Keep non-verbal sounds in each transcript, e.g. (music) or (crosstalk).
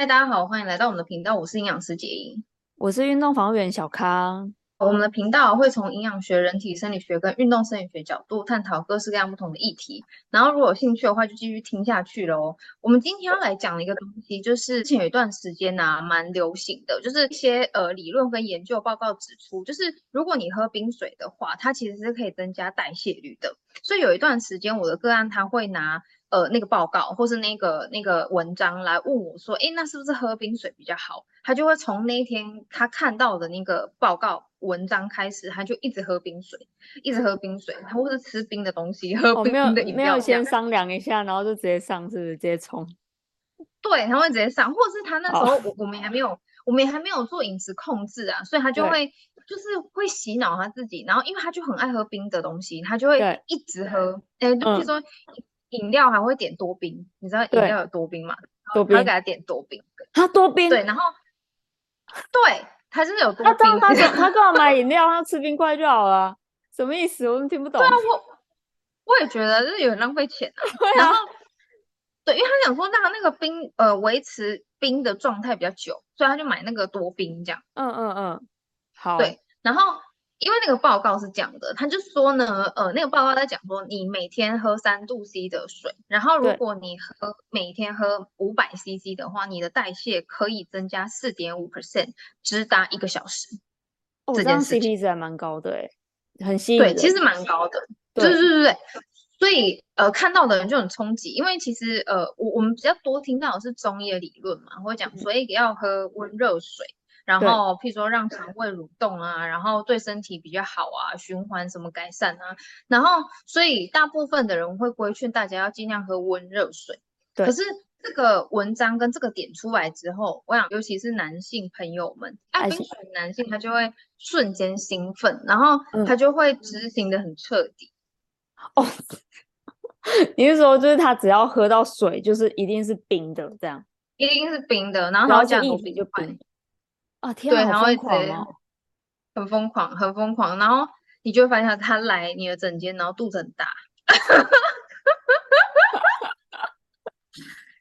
嗨，Hi, 大家好，歡迎來到我們的頻道。我是營養師捷盈，我是運動防護員小康。我們的頻道會從營養學、人體生理學跟運動生理學角度探討各式各樣不同的議題。然後，如果有興趣的話，就繼續聽下去嘍。我們今天要來講的一個東西，就是之前有一段時間啊，蠻流行的，就是一些呃理論跟研究報告指出，就是如果你喝冰水的話，它其實是可以增加代謝率的。所以有一段時間，我的個案它會拿。呃，那個報告或是那個那個文章來問我說：“哎、欸，那是不是喝冰水比較好？”他就會從那天他看到的那個報告文章開始，他就一直喝冰水，一直喝冰水，他或者是吃冰的東西，喝冰,冰的飲料、哦。沒有，沒有先商量一下，然後就直接上是不是，直接衝。對，他會直接上，或是他那時候、oh. 我我們還沒有，我們還沒有做飲食控制啊，所以他就會對就是會洗腦他自己，然後因為他就很愛喝冰的東西，他就會一直喝，哎對，就是、欸、說。嗯飲料還會點多冰，你知道飲料有多冰嗎？多冰對，他給他點多冰，他多冰，對，然後，對他真的有多冰。啊、他他他跟我買飲料， (laughs) 他吃冰塊就好了，什麼意思？我都聽不懂。對啊，我我也覺得就是有點浪費錢啊。 (laughs) 然後對，因為他想說讓他那個冰呃維持冰的狀態比較久，所以他就買那個多冰這樣。嗯嗯嗯，好。對，然後。因為那個報告是這樣的，他就說呢，呃，那個報告在講說，你每天喝三度 C 的水，然後如果你喝對每天喝五百 CC 的話，你的代謝可以增加四點五 percent，直達一個小時。哦，這，件事件這樣 CP 值還蠻高的，哎，很吸引，對，其實蠻高的，對對對對。對對所以呃，看到的人就很衝擊，因為其實呃，我我們比較多聽到的是中醫的理論嘛，會講所以要喝溫熱水。嗯然後，對譬如說讓腸胃蠕動啊，然後對身體比較好啊，循環什麼改善啊，然後所以大部分的人會規勸大家要儘量喝溫熱水。對。可是這個文章跟這個點出來之後，我想，尤其是男性朋友們，愛情、哎、冰水的男性他就會瞬間興奮，嗯、然後他就會執行的很徹底。哦、嗯，oh, (laughs) 你是說就是他只要喝到水，就是一定是冰的這樣？一定是冰的，然後他了解這樣就冰。哦、啊，天、啊、對，瘋喔，然後一直很瘋狂，很瘋狂，然後你就會發現他來你的診間，然後肚子很大。哈哈哈！哈哈！哈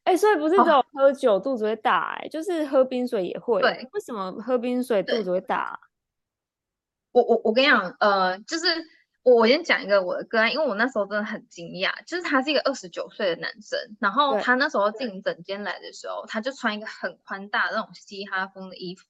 哈！所以不是只有喝酒肚子會大，欸，哎好，就是喝冰水也會。對，為什麼喝冰水肚子會大？我我我跟你講，呃，就是。我我先講一個我的個案，因為我那時候真的很驚訝，就是他是一個二十九歲的男生，然後他那時候進診間來的時候，他就穿一個很寬大的那種嘻哈風的衣服，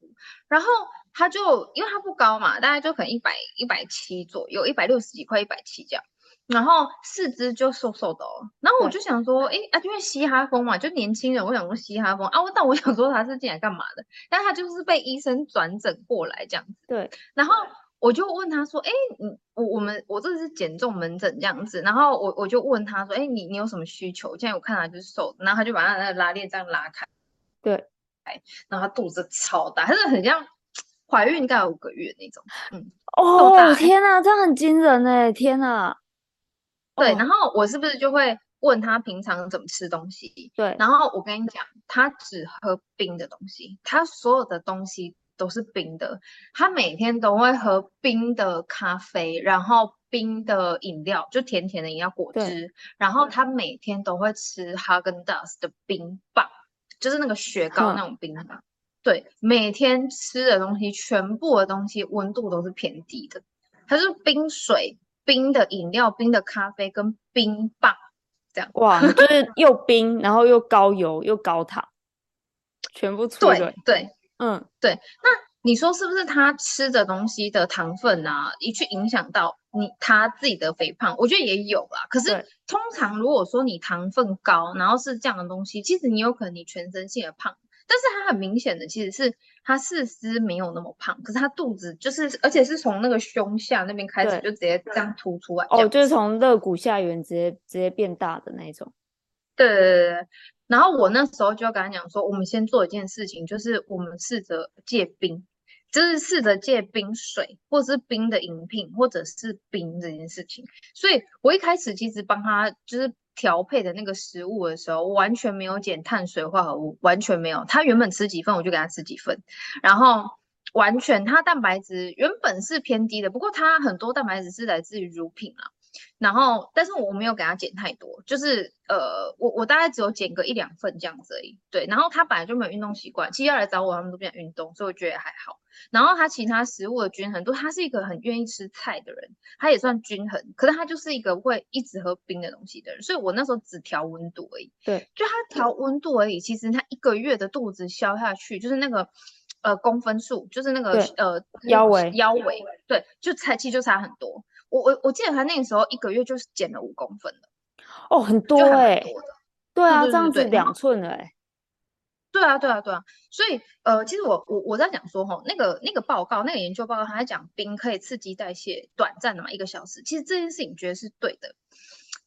然後他就因為他不高嘛，大概就可能一百一百七左右，一百六十幾塊一百七這樣，然後四肢就瘦瘦的，哦，然後我就想說，哎對啊，因為嘻哈風嘛，就年輕人，我想說嘻哈風啊，但我想說他是進來幹嘛的？但他就是被醫生轉診過來這樣子，對，然後。我就問他說：“欸，你我我們我這是減重門診這樣子，然後我我就問他說，欸，你你有什麼需求？現在我看他就是瘦，然後他就把他那個拉鏈這樣拉開，對，然後他肚子超大，他是很像懷孕大概五個月那種，嗯，哦，天啊，這樣很驚人欸，天啊，對，哦，然後我是不是就會問他平常怎麼吃東西？對，然後我跟你講，他只喝冰的東西，他所有的東西。”都是冰的，他每天都會喝冰的咖啡，然後冰的飲料，就甜甜的飲料果汁，對然後他每天都會吃哈根達斯的冰棒,就是那個雪糕的那種冰棒。呵對，每天吃的東西，全部的東西溫度都是偏低的，它是冰水、冰的飲料、冰的咖啡跟冰棒這樣。哇，就是又冰， (laughs) 然後又高油又高糖，全部對對。對嗯，對，那你說是不是他吃的東西的糖分啊，一去影響，到你他自己的肥胖？我覺得也有啦。可是通常如果說你糖分高，嗯、然後是這樣的東西，其實你有可能你全身性的胖，但是他很明顯的其實是他四肢沒有那麼胖，可是他肚子就是，而且是從那個胸下那邊開始就直接這樣凸出來、啊。對樣哦，就是從肋骨下緣直接直接變大的那種。對對對。然後我那時候就跟他講說，我們先做一件事情，就是我們試着戒冰，就是試着戒冰水，或者是冰的飲品，或者是冰這件事情。所以，我一開始其實幫他就是調配的那個食物的時候，我完全沒有減碳水化合物，完全沒有。他原本吃幾份，我就給他吃幾份，然後完全他蛋白質原本是偏低的，不過他很多蛋白質是來自於乳品啦、啊。然後，但是我沒有給他減太多，就是呃，我我大概只有減個一兩份這樣子而已。對，然後他本來就沒有運動習慣，其實要來找我他們都不想運動，所以我覺得還好。然後他其他食物的均衡度，他是一個很願意吃菜的人，他也算均衡，可是他就是一個會一直喝冰的東西的人，所以我那時候只調溫度而已。對，就他調溫度而已，嗯，其實他一個月的肚子消下去，就是那個呃公分數，就是那個對呃腰圍腰圍，腰圍，對，就差，其實就差很多。我我我記得他那個時候一個月就是減了五公分的。哦，很多哎、欸，多對啊，是是這樣子兩寸哎、欸、對啊，對啊，對啊，所以呃，其實我我我在講說吼，那個那個報告那個研究報告，他在講冰可以刺激代謝，短暫的嘛，一個小時，其實這件事情覺得是對的。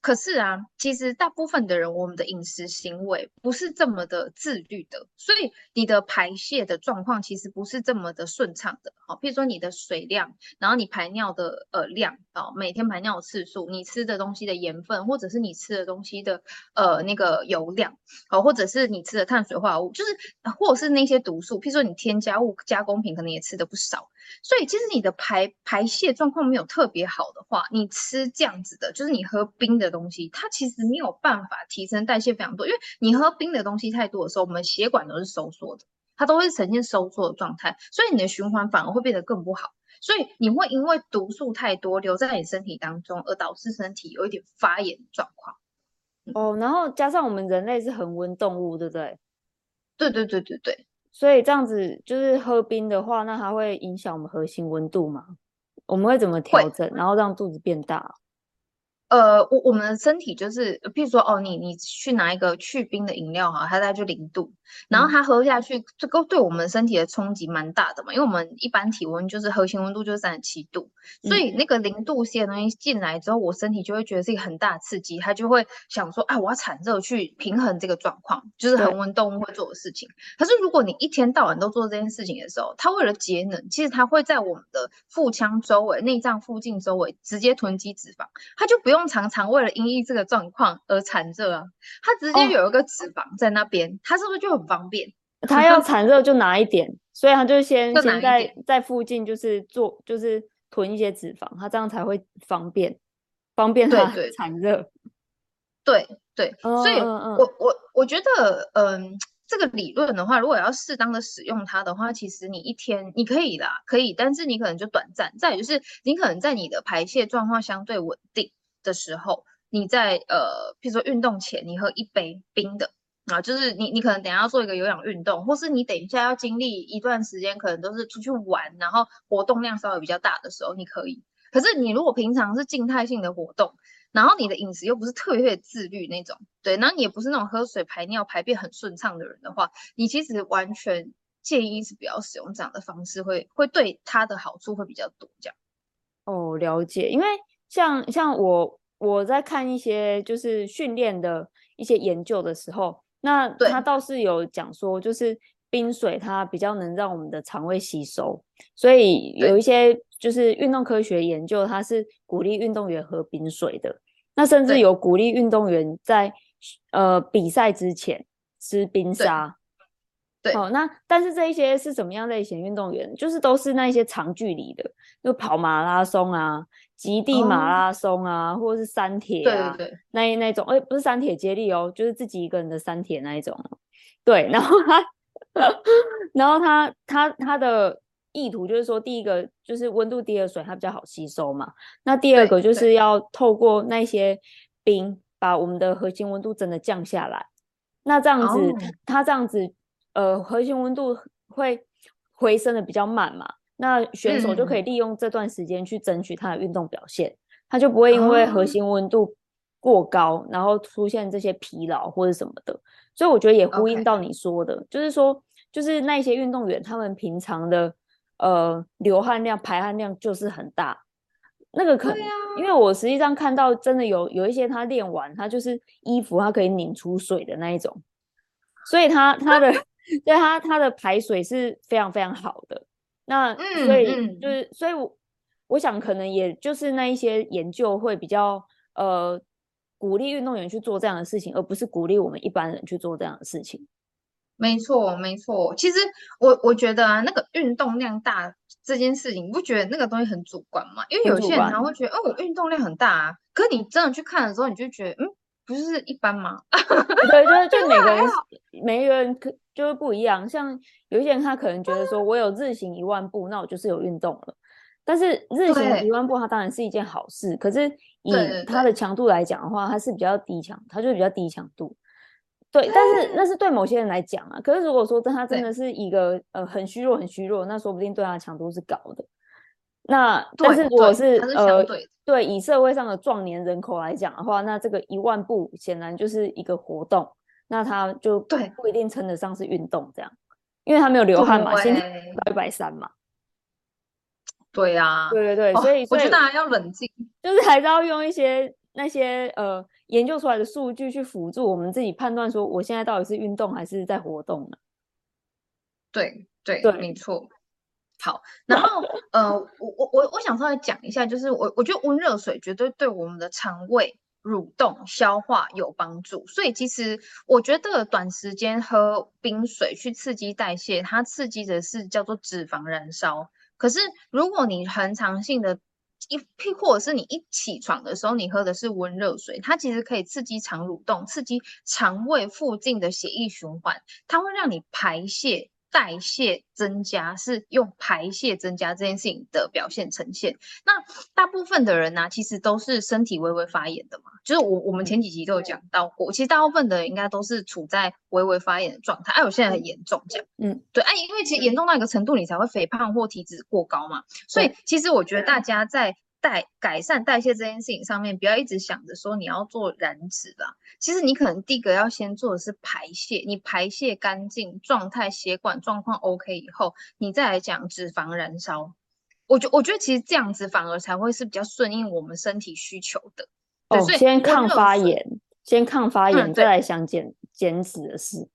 可是啊，其實大部分的人，我們的飲食行為不是這麼的自律的，所以你的排泄的狀況其實不是這麼的順暢的。好、哦，譬如說你的水量，然後你排尿的呃量啊、哦，每天排尿的次數，你吃的東西的鹽分，或者是你吃的東西的呃那個油量啊、哦，或者是你吃的碳水化合物，就是或者是那些毒素，譬如說你添加物、加工品可能也吃的不少，所以其實你的排排泄狀況沒有特別好的話，你吃這樣子的，就是你喝冰的。東西它其實沒有辦法提升代謝非常多，因為你喝冰的東西太多的時候，我們血管都是收縮的，它都會呈現收縮的狀態，所以你的循環反而會變得更不好，所以你會因為毒素太多留在你身體當中而導致身體有一點發炎狀況。嗯、哦，然後加上我們人類是恆溫動物，對不對？對，對對對對對。所以這樣子就是喝冰的話，那它會影響我們核心溫度嗎？我們會怎麼調整，會然後讓肚子變大？呃，我我們的身體就是，譬如說哦，你你去拿一個去冰的飲料哈，它大概就零度，然後它喝下去，這個對我們身體的衝擊蠻大的嘛，因為我們一般體溫就是核心溫度就是三十七度，所以那個零度些東西進來之後，我身體就會覺得是一個很大的刺激，它就會想說，哎，我要產熱去平衡這個狀況，就是恆溫動物會做的事情。可對是如果你一天到晚都做這件事情的時候，它為了節能，其實它會在我們的腹腔周圍、內臟附近周圍直接囤積脂肪，它就不用。常常為了因應這個狀況而產熱啊，它直接有一個脂肪在那邊，哦、它是不是就很方便？它要產熱就拿一點，所以它就先就先在在附近就是做就是囤一些脂肪，它這樣才會方便方便它產熱。對，對對，哦、所以我我我覺得，嗯、呃，這個理論的話，如果要適當的使用它的話，其實你一天你可以啦，可以，但是你可能就短暫。再有就是，你可能在你的排泄狀況相對穩定的時候，你在呃，譬如說運動前，你喝一杯冰的啊，就是你你可能等一下要做一個有氧運動，或是你等一下要經歷一段時間，可能都是出去玩，然後活動量稍微比較大的時候，你可以。可是你如果平常是靜態性的活動，然後你的飲食又不是特別自律那種，對，然後你也不是那種喝水排尿排便很順暢的人的話，你其實完全建議是不要使用這樣的方式，會會對它的好處會比較多這樣。哦，了解，因為。像像我我在看一些就是訓練的一些研究的時候，那他倒是有講說，就是冰水它比較能讓我們的腸胃吸收，所以有一些就是運動科學研究，它是鼓勵運動員喝冰水的，那甚至有鼓勵運動員在對呃比賽之前吃冰沙。對哦，那但是這一些是怎麼樣類型運動員？就是都是那一些長距離的，就跑馬拉松啊、極地馬拉松啊，oh, 或者是三鐵啊，對對對那一那一種，哎，欸，不是三鐵接力哦，就是自己一個人的三鐵那一種。對，然後他， (laughs) 然後他他他的意圖就是說，第一個就是溫度低的水它比較好吸收嘛，那第二個就是要透過那些冰把我們的核心溫度真的降下來，那這樣子，oh. 他這樣子。呃，核心溫度會回升的比較慢嘛？那選手就可以利用這段時間去爭取他的運動表現，嗯、他就不會因為核心溫度過高，哦、然後出現這些疲勞或者什麼的。所以我覺得也呼應到你說的，Okay. 就是說，就是那些運動員他們平常的呃流汗量、排汗量就是很大。那個可以，啊、因為我實際上看到真的有有一些他練完，他就是衣服他可以擰出水的那一種，所以他、嗯、他的。 (laughs) 對它，它的排水是非常非常好的。那、嗯、所以、嗯、就是，所以我我想可能也就是那一些研究會比較呃鼓勵運動員去做這樣的事情，而不是鼓勵我們一般人去做這樣的事情。沒錯，沒錯。其實我我覺得啊，那個運動量大這件事情，你不覺得那個東西很主觀嗎？因為有些人他會覺得，哦，我運動量很大啊，可是你真的去看的時候，你就覺得，嗯。不是一般嗎？ (laughs) (laughs) 對，就是就每個人， (laughs) 好好好每一個人可就是不一樣。像有一些人他可能覺得說，我有日行一萬步， (laughs) 那我就是有運動了。但是日行一萬步，它當然是一件好事。對可是以它的強度來講的話，它是比較低強，它就是比較低強度。對，對但是那是對某些人來講啊。可是如果說他真的是一個對呃很虛弱、很虛弱，弱，那說不定對他的強度是高的。那對對對但是我是，是呃。對，以社會上的壯年人口來講的話，那這個一萬步顯然就是一個活動，那他就對不一定稱得上是運動，這樣，對因為他沒有流汗嘛，喂現在一百三嘛，對呀、啊，對對對，哦、所以我覺得要冷靜，就是還是要用一些那些呃研究出來的數據去輔助我們自己判斷，說我現在到底是運動還是在活動呢？對對對，對對沒錯。好，然後 (laughs) 呃，我我我我想稍微講一下，就是我我覺得溫熱水絕對對我們的腸胃蠕動、消化有幫助。所以其實我覺得短時間喝冰水去刺激代謝，它刺激的是叫做脂肪燃燒。可是如果你恆常性的一，一或者是你一起床的時候你喝的是溫熱水，它其實可以刺激腸蠕動，刺激腸胃附近的血液循環，它會讓你排泄。代謝增加是用排泄增加這件事情的表現呈現。那大部分的人呢、啊，其實都是身體微微發炎的嘛。就是我我們前幾集都有講到過，嗯、其實大部分的人應該都是處在微微發炎的狀態。哎、啊，我現在很嚴重，這樣？嗯，對。哎、啊，因為其實嚴重到一個程度，你才會肥胖或體脂過高嘛。嗯、所以其實我覺得大家在。代改善代謝這件事情上面，不要一直想着說你要做燃脂了。其實你可能第一個要先做的是排泄，你排泄乾淨，狀態，血管狀況 OK 以後，你再來講脂肪燃燒。我覺我覺得其實這樣子反而才會是比較順應我們身體需求的。哦，先抗發炎，先抗發炎，嗯，再來想減減脂的事。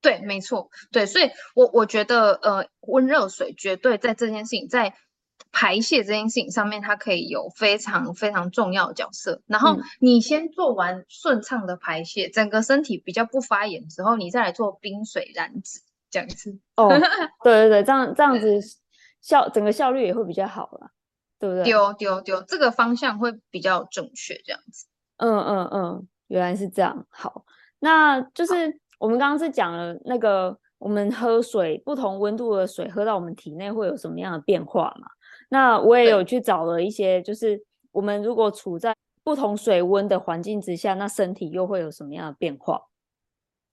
對，沒錯，對，所以我我覺得呃，溫熱水絕對在這件事情在。排泄這件事情上面，它可以有非常非常重要的角色。然後你先做完順暢的排泄，嗯、整個身體比較不發炎之後，你再來做冰水燃脂，這樣子。哦，對對對， (laughs) 這樣這樣子、嗯、效整個效率也會比較好啦，對不對？丟丟丟，這個方向會比較準確，這樣子。嗯嗯嗯，原來是這樣。好，那就是我們剛剛是講了那個我們喝水好不同溫度的水喝到我們體內會有什麼樣的變化嘛？那我也有去找了一些，就是我們如果處在不同水溫的環境之下，那身體又會有什麼樣的變化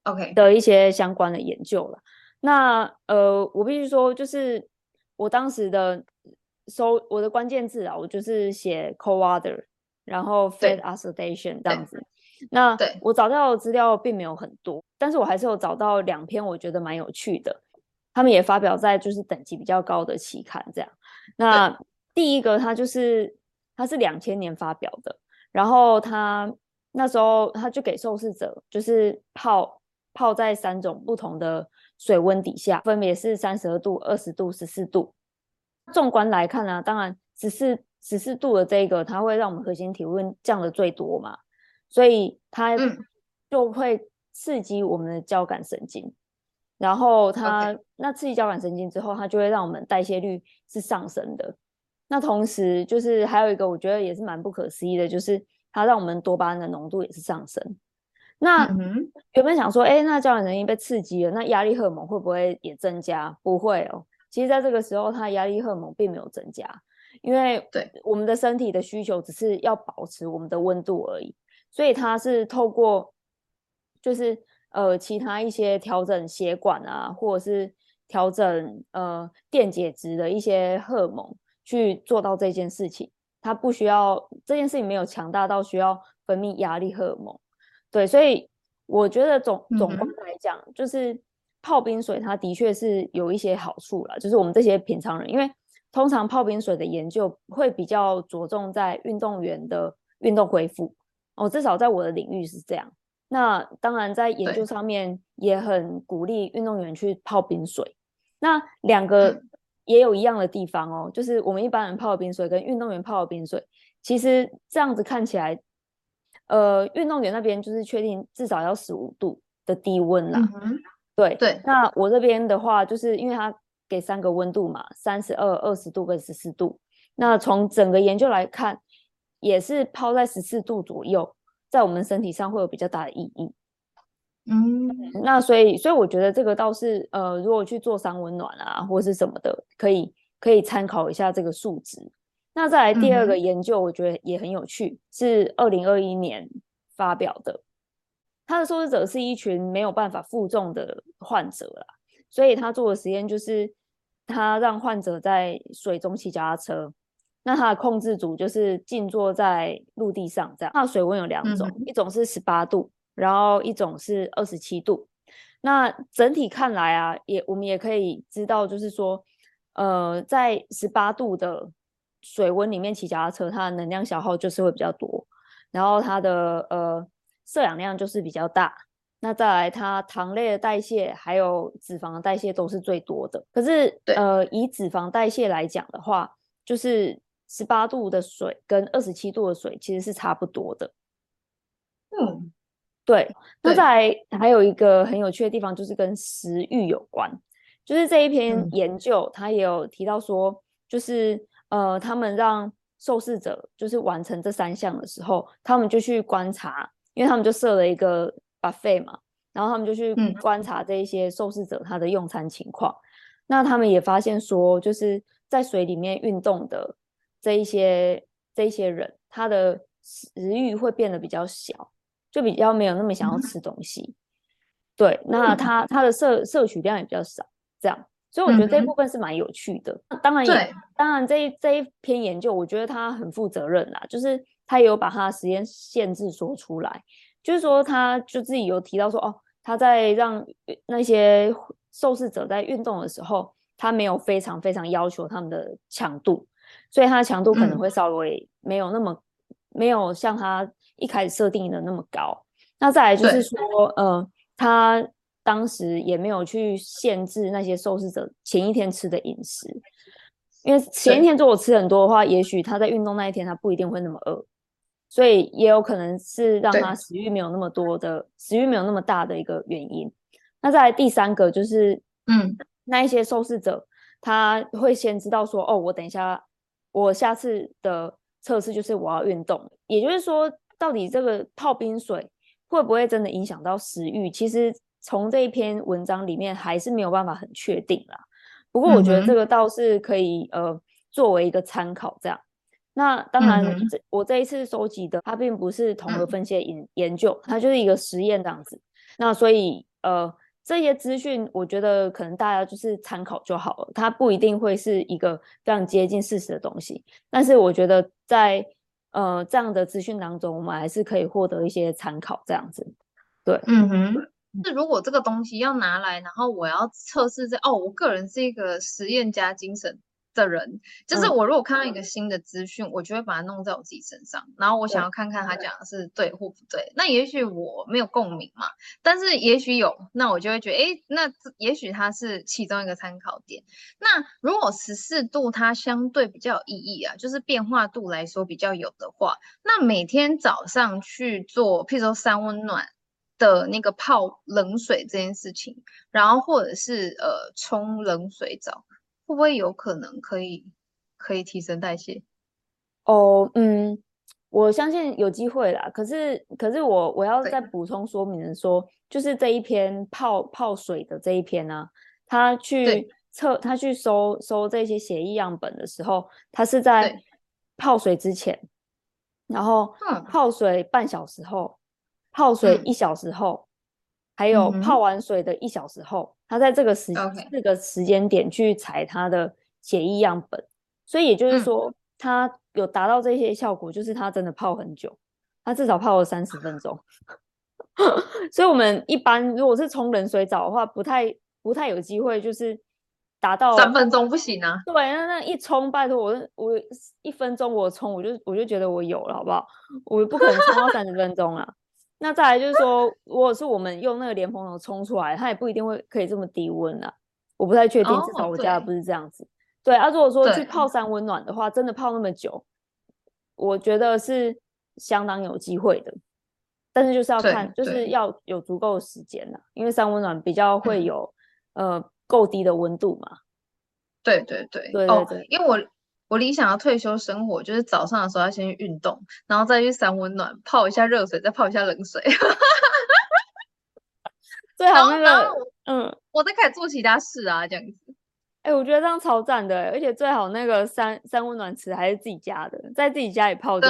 ，OK 的一些相關的研究了。Okay. 那呃，我必須說，就是我當時的搜我的關鍵字啊，我就是寫 cold water，然後 fat oxidation 這樣子。對對那我找到的資料並沒有很多，但是我還是有找到兩篇我覺得蠻有趣的，他們也發表在就是等級比較高的期刊這樣。那、嗯、第一個，它就是它是兩千年發表的，然後它那時候它就給受試者就是泡泡在三種不同的水溫底下，分別是三十二度、二十度、十四度。縱觀來看呢、啊，當然十四十四度的這個，它會讓我們核心體溫降得最多嘛，所以它就會刺激我們的交感神經。嗯然後它 Okay. 那刺激交感神經之後，它就會讓我們代謝率是上升的。那同時，就是還有一個我覺得也是蠻不可思議的，就是它讓我們多巴胺的濃度也是上升。那、mm hmm. 原本想說，哎、欸，那交感神經被刺激了，那壓力荷爾蒙會不會也增加？不會哦。其實在這個時候，它壓力荷爾蒙並沒有增加，因為對我們的身體的需求只是要保持我們的溫度而已，所以它是透過就是。呃，其他一些調整血管啊，或者是調整呃電解質的一些荷爾蒙去做到這件事情，它不需要，這件事情沒有強大到需要分泌壓力荷爾蒙。對，所以我覺得總總觀來講，嗯、哼就是泡冰水它的確是有一些好處啦，就是我們這些平常人，因為通常泡冰水的研究會比較着重在運動員的運動恢復哦，至少在我的領域是這樣。那當然，在研究上面也很鼓勵運動員去泡冰水。對那兩個也有一樣的地方哦，嗯、就是我們一般人泡冰水跟運動員泡冰水，其實這樣子看起來，呃，運動員那邊就是確定至少要十五度的低溫啦。對、嗯、哼對，對，那我這邊的話，就是因為它給三個溫度嘛，三十二、二十度跟十四度。那從整個研究來看，也是泡在十四度左右。在我們身體上會有比較大的意義，嗯，嗯，那所以，所以我覺得這個倒是，呃，如果去做三溫暖啊，或是什麼的，可以可以參考一下這個數值。那再來第二個研究，我覺得也很有趣，嗯、哼是二零二一年發表的，他的受試者是一群沒有辦法負重的患者啦，所以他做的實驗就是他讓患者在水中騎腳踏車。那它的控制組就是靜坐在陸地上，這樣。那水溫有兩種，嗯嗯，一種是十八度，然後一種是二十七度。那整體看來啊，也我們也可以知道，就是說，呃，在十八度的水溫裡面騎腳踏車，它的能量消耗就是會比較多，然後它的呃攝氧量就是比較大。那再來，它糖類的代謝還有脂肪的代謝都是最多的。可是，對呃，以脂肪代謝來講的話，就是。十八度的水跟二十七度的水其實是差不多的。嗯，對。那在，還有一個很有趣的地方就是跟食慾有關，就是這一篇研究他也有提到說，就是、嗯、呃，他們讓受試者就是完成這三項的時候，他們就去觀察，因為他們就設了一個 buffet 嘛，然後他們就去觀察這一些受試者他的用餐情況。嗯、那他們也發現說，就是在水裡面運動的。這一些這一些人，他的食欲會變得比較小，就比較沒有那麼想要吃東西。嗯、對，那他他的攝攝取量也比較少，這樣。所以我覺得這一部分是蠻有趣的。嗯嗯，當然，對當然這一這一篇研究，我覺得他很負責任啦，就是他也有把他的時間限制說出來，就是說他就自己有提到說，哦，他在讓那些受試者在運動的時候，他沒有非常非常要求他們的強度。所以他的強度可能會稍微沒有那麼，嗯、沒有像他一開始設定的那麼高。那再來就是說，對呃，他當時也沒有去限制那些受試者前一天吃的飲食，因為前一天如果吃很多的話，對也許他在運動那一天他不一定會那麼餓，所以也有可能是讓他食欲沒有那麼多的對食欲沒有那麼大的一個原因。那再來第三個就是，嗯，那一些受試者他會先知道說，哦，我等一下。我下次的測試就是我要運動，也就是說，到底這個泡冰水會不會真的影響到食欲？其實從這一篇文章裡面還是沒有辦法很確定啦。不過我覺得這個倒是可以、mm hmm. 呃，作為一個參考這樣。那當然，這、mm hmm. 我這一次收集的它並不是統合分析研研究，它就是一個實驗這樣子。那所以呃。這些資訊，我覺得可能大家就是參考就好了，它不一定會是一個非常接近事實的東西。但是我覺得在呃這樣的資訊當中，我們還是可以獲得一些參考，這樣子。對，嗯哼。那如果這個東西要拿來，然後我要測試這哦，我個人是一個實驗家精神。的人就是我，如果看到一個新的資訊，嗯、我就會把它弄在我自己身上，嗯、然後我想要看看他講的是對或不對。對、對。那也許我沒有共鳴嘛，但是也許有，那我就會覺得，哎、欸，那也許它是其中一個參考點。那如果十四度它相對比較有意義啊，就是變化度來說比較有的話，那每天早上去做，譬如說三溫暖的那個泡冷水這件事情，然後或者是呃沖冷水澡。會不會有可能可以可以提升代謝？哦，oh, 嗯，我相信有機會啦。可是，可是我我要再補充說明的說，對就是這一篇泡泡水的這一篇呢，他去測他對去收收這些血液樣本的時候，他是在泡水之前，對然後泡水半小時後，泡水一小時後。還有泡完水的一小時後，嗯、哼他在這個時 Okay. 這個時間點去採他的血液樣本，所以也就是說，嗯、他有達到這些效果，就是他真的泡很久，他至少泡了三十分鐘。 (laughs) 所以我們一般如果是沖冷水澡的話，不太不太有機會，就是達到三分鐘不行啊。對，那那一沖，拜托我我一分鐘我沖，我就我就覺得我有了，好不好？我不可能沖到三十分鐘啊。 (laughs) 那再來就是說，如果是我們用那個蓮蓬頭沖出來，它也不一定會可以這麼低溫啊，我不太確定，oh, 至少我家的不是這樣子。對，而、啊、如果說去泡三溫暖的話，對真的泡那麼久，我覺得是相當有機會的，但是就是要看，對就是要有足夠的時間了、啊，因為三溫暖比較會有呵呃夠低的溫度嘛。對對對對對，對對對 oh, 因為我。我理想要退休生活就是早上的時候要先去運動，然後再去三溫暖，泡一下熱水，再泡一下冷水。 (laughs) 最好那個，嗯，我再開始做其他事啊，這樣子。哎、欸，我覺得這樣超讚的、欸，而且最好那個三、三溫暖池還是自己家的，在自己家裡泡著。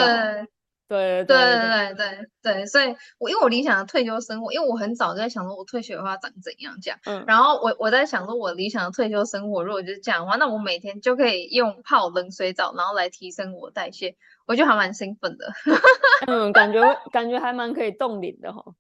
對對對對，對對對對對，所以我，我因為我理想的退休生活，因為我很早就在想說，我退休的話長怎樣這樣。嗯、然後我我在想說，我理想的退休生活，如果就是這樣的話，那我每天就可以用泡冷水澡，然後來提升我代謝，我覺得還蠻興奮的。 (laughs) 嗯，感覺感覺還蠻可以凍齡的哈、哦。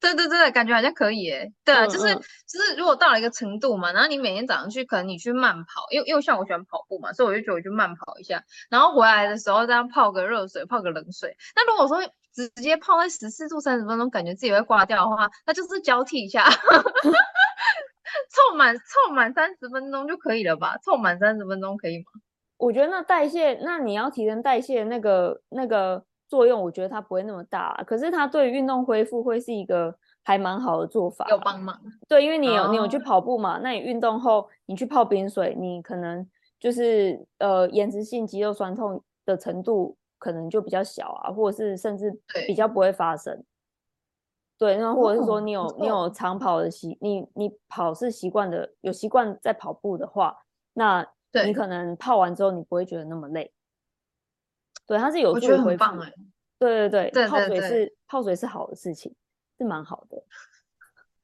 對對對，感覺好像可以耶。對啊、嗯嗯就是，就是就是，如果到了一個程度嘛，然後你每天早上去，可能你去慢跑，因為因為像我喜歡跑步嘛，所以我就覺得我去慢跑一下，然後回來的時候這樣泡個熱水，泡個冷水。那如果說直接泡在十四度三十分鐘，感覺自己會掛掉的話，那就是交替一下，哈哈哈哈哈，湊滿湊滿三十分鐘就可以了吧？湊滿三十分鐘可以嗎？我覺得那代謝，那你要提升代謝、那個，那個那個。作用我覺得它不會那麼大、啊，可是它對於運動恢復會是一個還蠻好的做法、啊，有幫忙？對，因為你有、哦、你有去跑步嘛，那你運動後你去泡冰水，你可能就是呃延遲性肌肉酸痛的程度可能就比較小啊，或者是甚至比較不會發生。對，對，那或者是說你有、哦、你有長跑的習，哦、你你跑是習慣的，有習慣在跑步的話，那你可能泡完之後你不會覺得那麼累。對，它是有作用。我覺得很棒。欸，、對對對，對對對泡水是對對對泡水是好的事情，是蠻好的。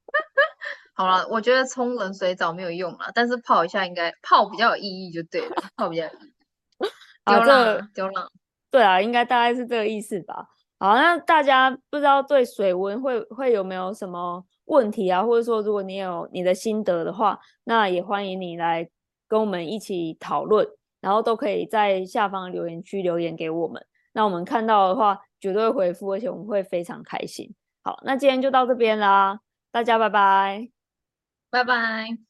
(laughs) 好了，我覺得沖冷水澡沒有用了，但是泡一下應該，泡比較有意義就對了， (laughs) 泡比較有意義。丟對啊，應該大概是這個意思吧。好，那大家不知道對水溫會會有沒有什麼問題啊，或者說如果你有你的心得的話，那也歡迎你來跟我們一起討論。然後都可以在下方留言區留言給我們，那我們看到的話絕對回復，而且我們會非常開心。好，那今天就到這邊啦，大家拜拜，拜拜。